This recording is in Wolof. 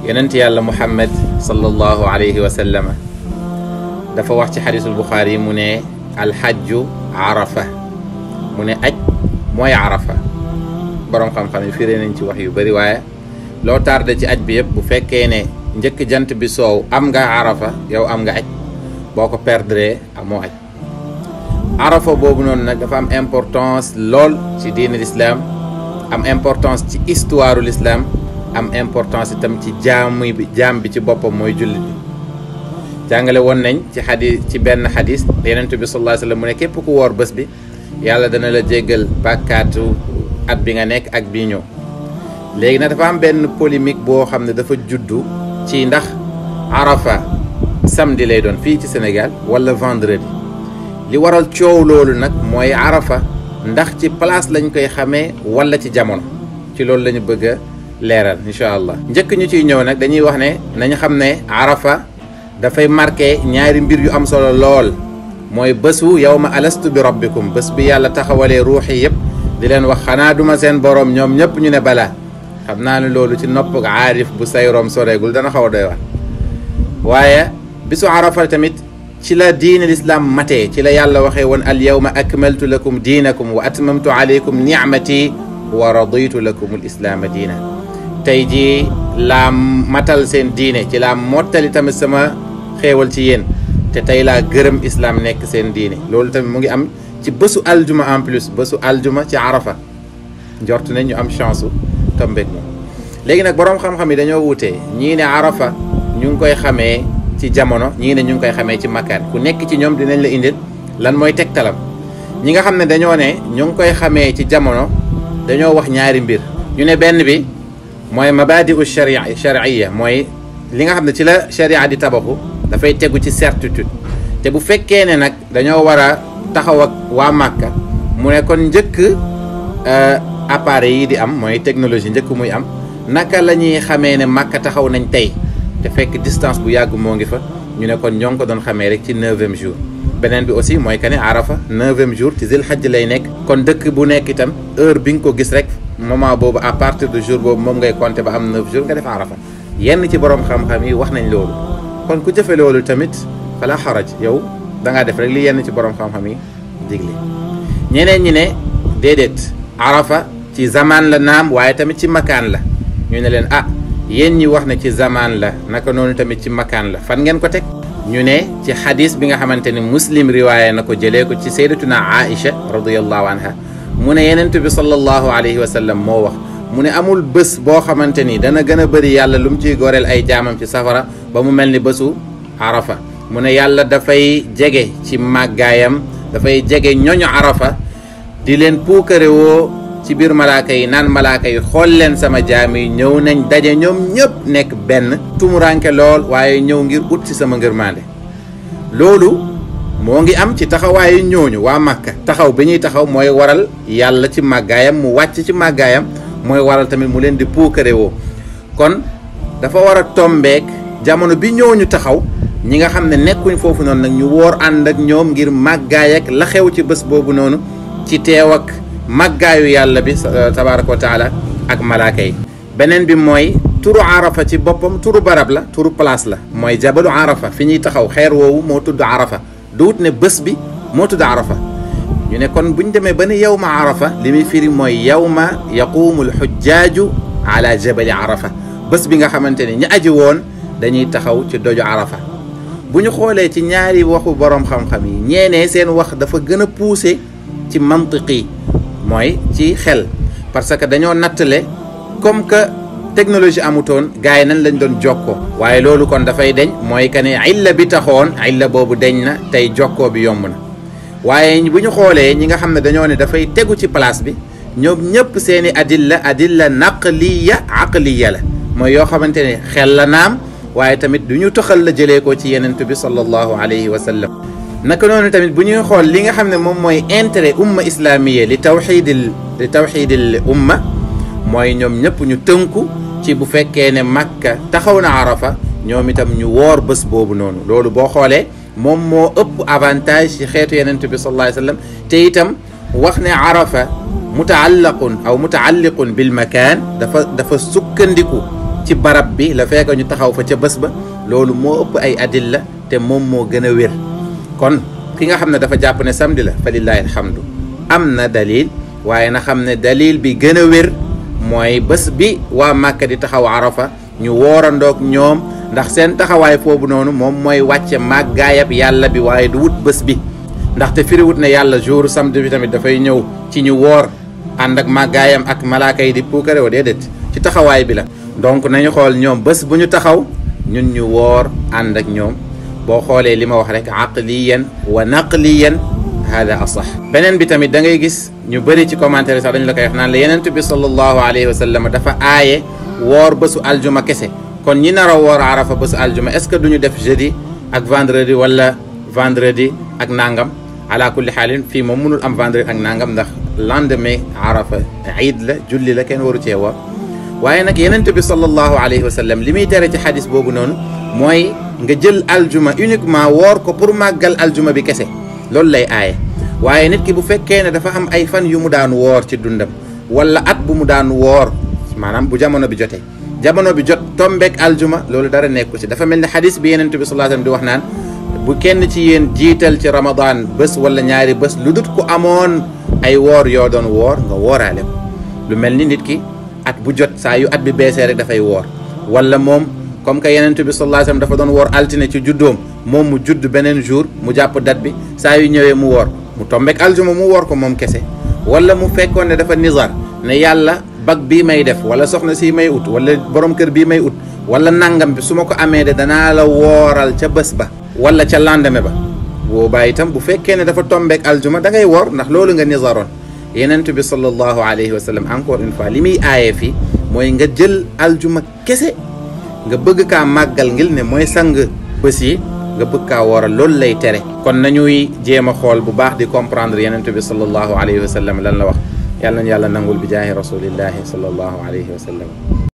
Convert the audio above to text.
ينتي يا محمد صلى الله عليه وسلم دفع واحد حديث البخاري من الحج عرفة من أج ما يعرفة برام خام خام في رين انتي وحيو برواية لو تار دي أج بيب بفكينة نجك جنت بسو أمغا عرفة يو أمغا أج بوكو بردري أمو أج عرفة بوبنون دفع أم امبورتانس لول في دين الإسلام أم امبورتانس في إستوار الإسلام am importance tam ci jamm bi jamm bi ci bopam moy julit jàngale won nañ ci hadith ci benn xadis yenentu bi sallallahu alayhi wasallam ne kep ku wor bés bi yàlla dana la djegal bakatu at bi nga nek ak bi ñu legi na dafa am ben polémique bo xamne dafa juddu ci ndax arafa samedi lay doon fi ci Sénégal wala vendredi li waral ciow lolou nak moy arafa ndax ci place lañ koy xamé wala ci jamono ci lolou lañu bëgg leral inshallah ñeek ñu ci ñëw nak dañuy wax ne nañu xam ne arafa fay marqué ñaari mbir yu am solo lol moy bésu yawma alastu bi rabbikum bés bi yàlla taxawale ruhi yeb di len wax xana duma sen borom ñom ñep ñu ne bala xamna ne lolou ci nopp arif bu sayroom soreegul dana xaw doy wax waye bisu arafa tamit ci la diin l'islam maté ci la yàlla waxe won al yawma akmaltu lakum dinakum wa atmamtu alaykum ni'mati wa raditu lakum al islaama diina tey jii laa matal seen diine ci laa mottali tamit sama xéewal ci yéen te tey laa gërëm islam nek seen diine loolu tamit mu ngi am ci bésu aljuma en plus bésu aljuma ci arafa njort ne ñu am chance u tombeeg moom léegi nag xam-xam yi dañoo wutee ñii ne arafa ñu ngi koy xamee ci jamono ñii ne ñu ngi koy xamee ci makkaan ku nekk ci ñoom dinañ la indil lan mooy tegtalam ñi nga xam ne dañoo ne ñu ngi koy xamee ci jamono dañoo wax ñaari mbir ñu ne benn bi mooy mabaadiu sharia charia mooy li nga xam ci la sharia di tabaxu dafay tegu ci certitude te bu fekkee ne nag dañoo war a taxaw ak waa Màkka mu ne kon njëkk appareil yi di am mooy technologie njëkk muy am naka la ñuy ne Màkka taxaw nañ tey te fekk distance bu yàgg moo ngi fa ñu ne kon ñoo ko doon xamee rek ci neuvième jour beneen bi aussi mooy que ne arafa neuvième jour ci zil xaj lay nekk kon dëkk bu nekk itam heure bi nga ko gis rek moment bobu à partir du jour bobu mom ngay compter ba am 9 jours nga def arafa yenn ci borom xam-xam yi wax nañ lolu kon ku jëfe lolu tamit fala haraj yow da nga def rek li yenn ci borom xam-xam yi digle ñeneen ñi ne dedet arafa ci zaman la naam waye tamit ci makan la ñu ne len ah yéen ñi wax na ci zaman la naka nonu tamit ci makan la fan ngeen ko tek ñu ne ci hadith bi nga xamanteni muslim riwaya nako jele ko ci sayyidatuna aisha radiyallahu anha mu ne yenent bi sallallahu alayhi wa sallam moo wax mu ne amul bés boo xamante ni dana gën a bëri yàlla lu mu ciy goreel ay jaamam ci safara ba mu mel ni bésu arafa mu ne yàlla dafay jege ci màggaayam dafay jege ñoñu arafa di leen puukarewoo ci biir malaaka yi naan malaaka yi xool leen sama jaam yi ñëw nañ daje ñoom ñëpp nekk benn tumuraanke lool waaye ñëw ngir ut ci sama ngërmaande loolu moo ngi am ci taxawaayu ñooñu waa màkka taxaw bi ñuy taxaw mooy waral yàlla ci màggaayam mu wàcc ci màggaayam mooy waral tamit mu leen di puukare woo kon dafa war a tombeek jamono bi ñooñu taxaw ñi nga xam ne nekkuñ foofu noonu nag ñu woor ànd ak ñoom ngir màggaay ak la xew ci bés boobu noonu ci teew ak màggaayu yàlla bi tabaaraka wa ak malaaka yi beneen bi mooy turu arafa ci boppam turu barab la turu place la mooy jabalu arafa fi ñuy taxaw xeer woowu moo tudd arafa duwut ne bés bi moo tudd arafa ñu ne kon buñ demee ba ne yawma arafa li muy firi mooy yawma yaquumu alxujjaaju ala jabali arafa bés bi nga xamante ne ñi aji woon dañuy taxaw ci doju arafa bu ñu xoolee ci ñaari waxu boroom xam-xam yi ñeenee seen wax dafa gën a poussé ci mantiqi mooy ci xel parce que dañoo nattale comme que technologie amutone gars nan lañ doon jokko waye loolu kon fay deñ moy kané illa bi taxoon illa bobu deñ na tay jokko bi yomb na waye buñu xolé ñi nga xamné dañoo ne fay téggu ci place bi ñom ñëpp seeni adilla adilla naqliya aqliya la moy yo xamante xel la naam waye tamit duñu ñu la jëlé ko ci yenent bi sallallahu alayhi wa sallam naka noonu tamit buñu xol li nga xamné mom moy intérêt umma islamiyya li tawhidil li tawhidil umma moy ñom ñëpp ñu teunku ci bu fekkee ne makka taxaw na arafa ñoom itam ñu woor bés boobu noonu loolu boo xoolee moom moo ëpp avantage ci xeetu yenent bi sallallahu alayhi sallam te itam wax ne arafa mutaallaqun aw mutaalliqun bil makaan dafa dafa sukkandiku ci barab bi la fekk ñu taxaw fa ca bés ba loolu moo ëpp ay adilla te moom moo gën a wér kon ki nga xam ne dafa jàpp ne samedi la falillahi alhamdu am na dalil waaye na xam ne dalil bi gën a wér mooy bés bi waa Màkka di taxaw Arafa ñu woorandoog ñoom ndax seen taxaway fofu nonu mom moy wàcce màggaayab yàlla bi waye du wut bés bi ndax te firi wut ne yàlla jour samedi bi tamit da fay ñëw ci ñu wor ànd ak màggaayam ak malaaka yi di puukare wa déedéet ci taxaway bi la donc nañu xol ñom bés buñu taxaw ñun ñu wor ànd ak ñom bo xole lima wax rek aqliyan wa naqliyan هذا أصح بنن بتم دنجي جس نبري تي كومنتر سادن لك إحنا لينن تبي صلى الله عليه وسلم دفع آية وار بس الجمعة كسي كون ينار رو وار عرفة بس الجمعة اسك دنيا دف جدي أك فاندردي ولا فاندردي أك نانغم على كل حال في ممنوع أم فاندردي أك نانغم دخ لاندمي عرفة عيد له جل لكن ورتي وار وأنك ينن تبي صلى الله عليه وسلم لمي تاريتي حديث بوغنون موي نجل الجمعة يونيك ما وار كبر ما قال الجمعة بكسي lol lay ay waye nit ki bu fekkee ne dafa am ay fan yu mu daan wor ci dundam wala at bu mu daan wor manam bu jamono bi jotee jamono bi jot tombek aljuma loolu dara nekku ci dafa melni hadith bi yenen bi sallallahu alayhi wasallam di wax naan bu kenn ci yéen jital ci ramadan bés wala ñaari bés ludut dut ku amoon ay wor yo don wor nga wooraale lu melni nit ki at bu jot sa yu at bi beesee rek da fay wor wala mom comme que yenent bi sallallahu alayhi wasallam dafa doon woor altine ci juddoom moom mu judd beneen jour mu jàpp date bi saa yu ñëwee mu woor mu tombeek aljuma mu woor ko moom kese wala mu fekkoon dafa nizar ne yàlla bag bii may def wala soxna si may ut wala borom kër bii may ut wala nangam bi su ma ko amee de danaa la wooral ca bés ba wala ca lendemain ba boobaa itam bu fekkee ne dafa tombeek aljuma da ngay woor ndax loolu nga nizaroon yenent bi sallallahu alayhi wasallam encore une fois li muy aayee fii nga jël aljuma kese nga bëgg kaa màggal ngil ne mooy sang bés yi nga bëgg kaa wooral loolu lay tere kon nañuy jéem a xool bu baax di comprendre yenent bi sallallahu alayhi wa sallam lan la wax yàlla nañu yàlla nangul bi jaahi rasulillahi sallallahu alayhi wa sallam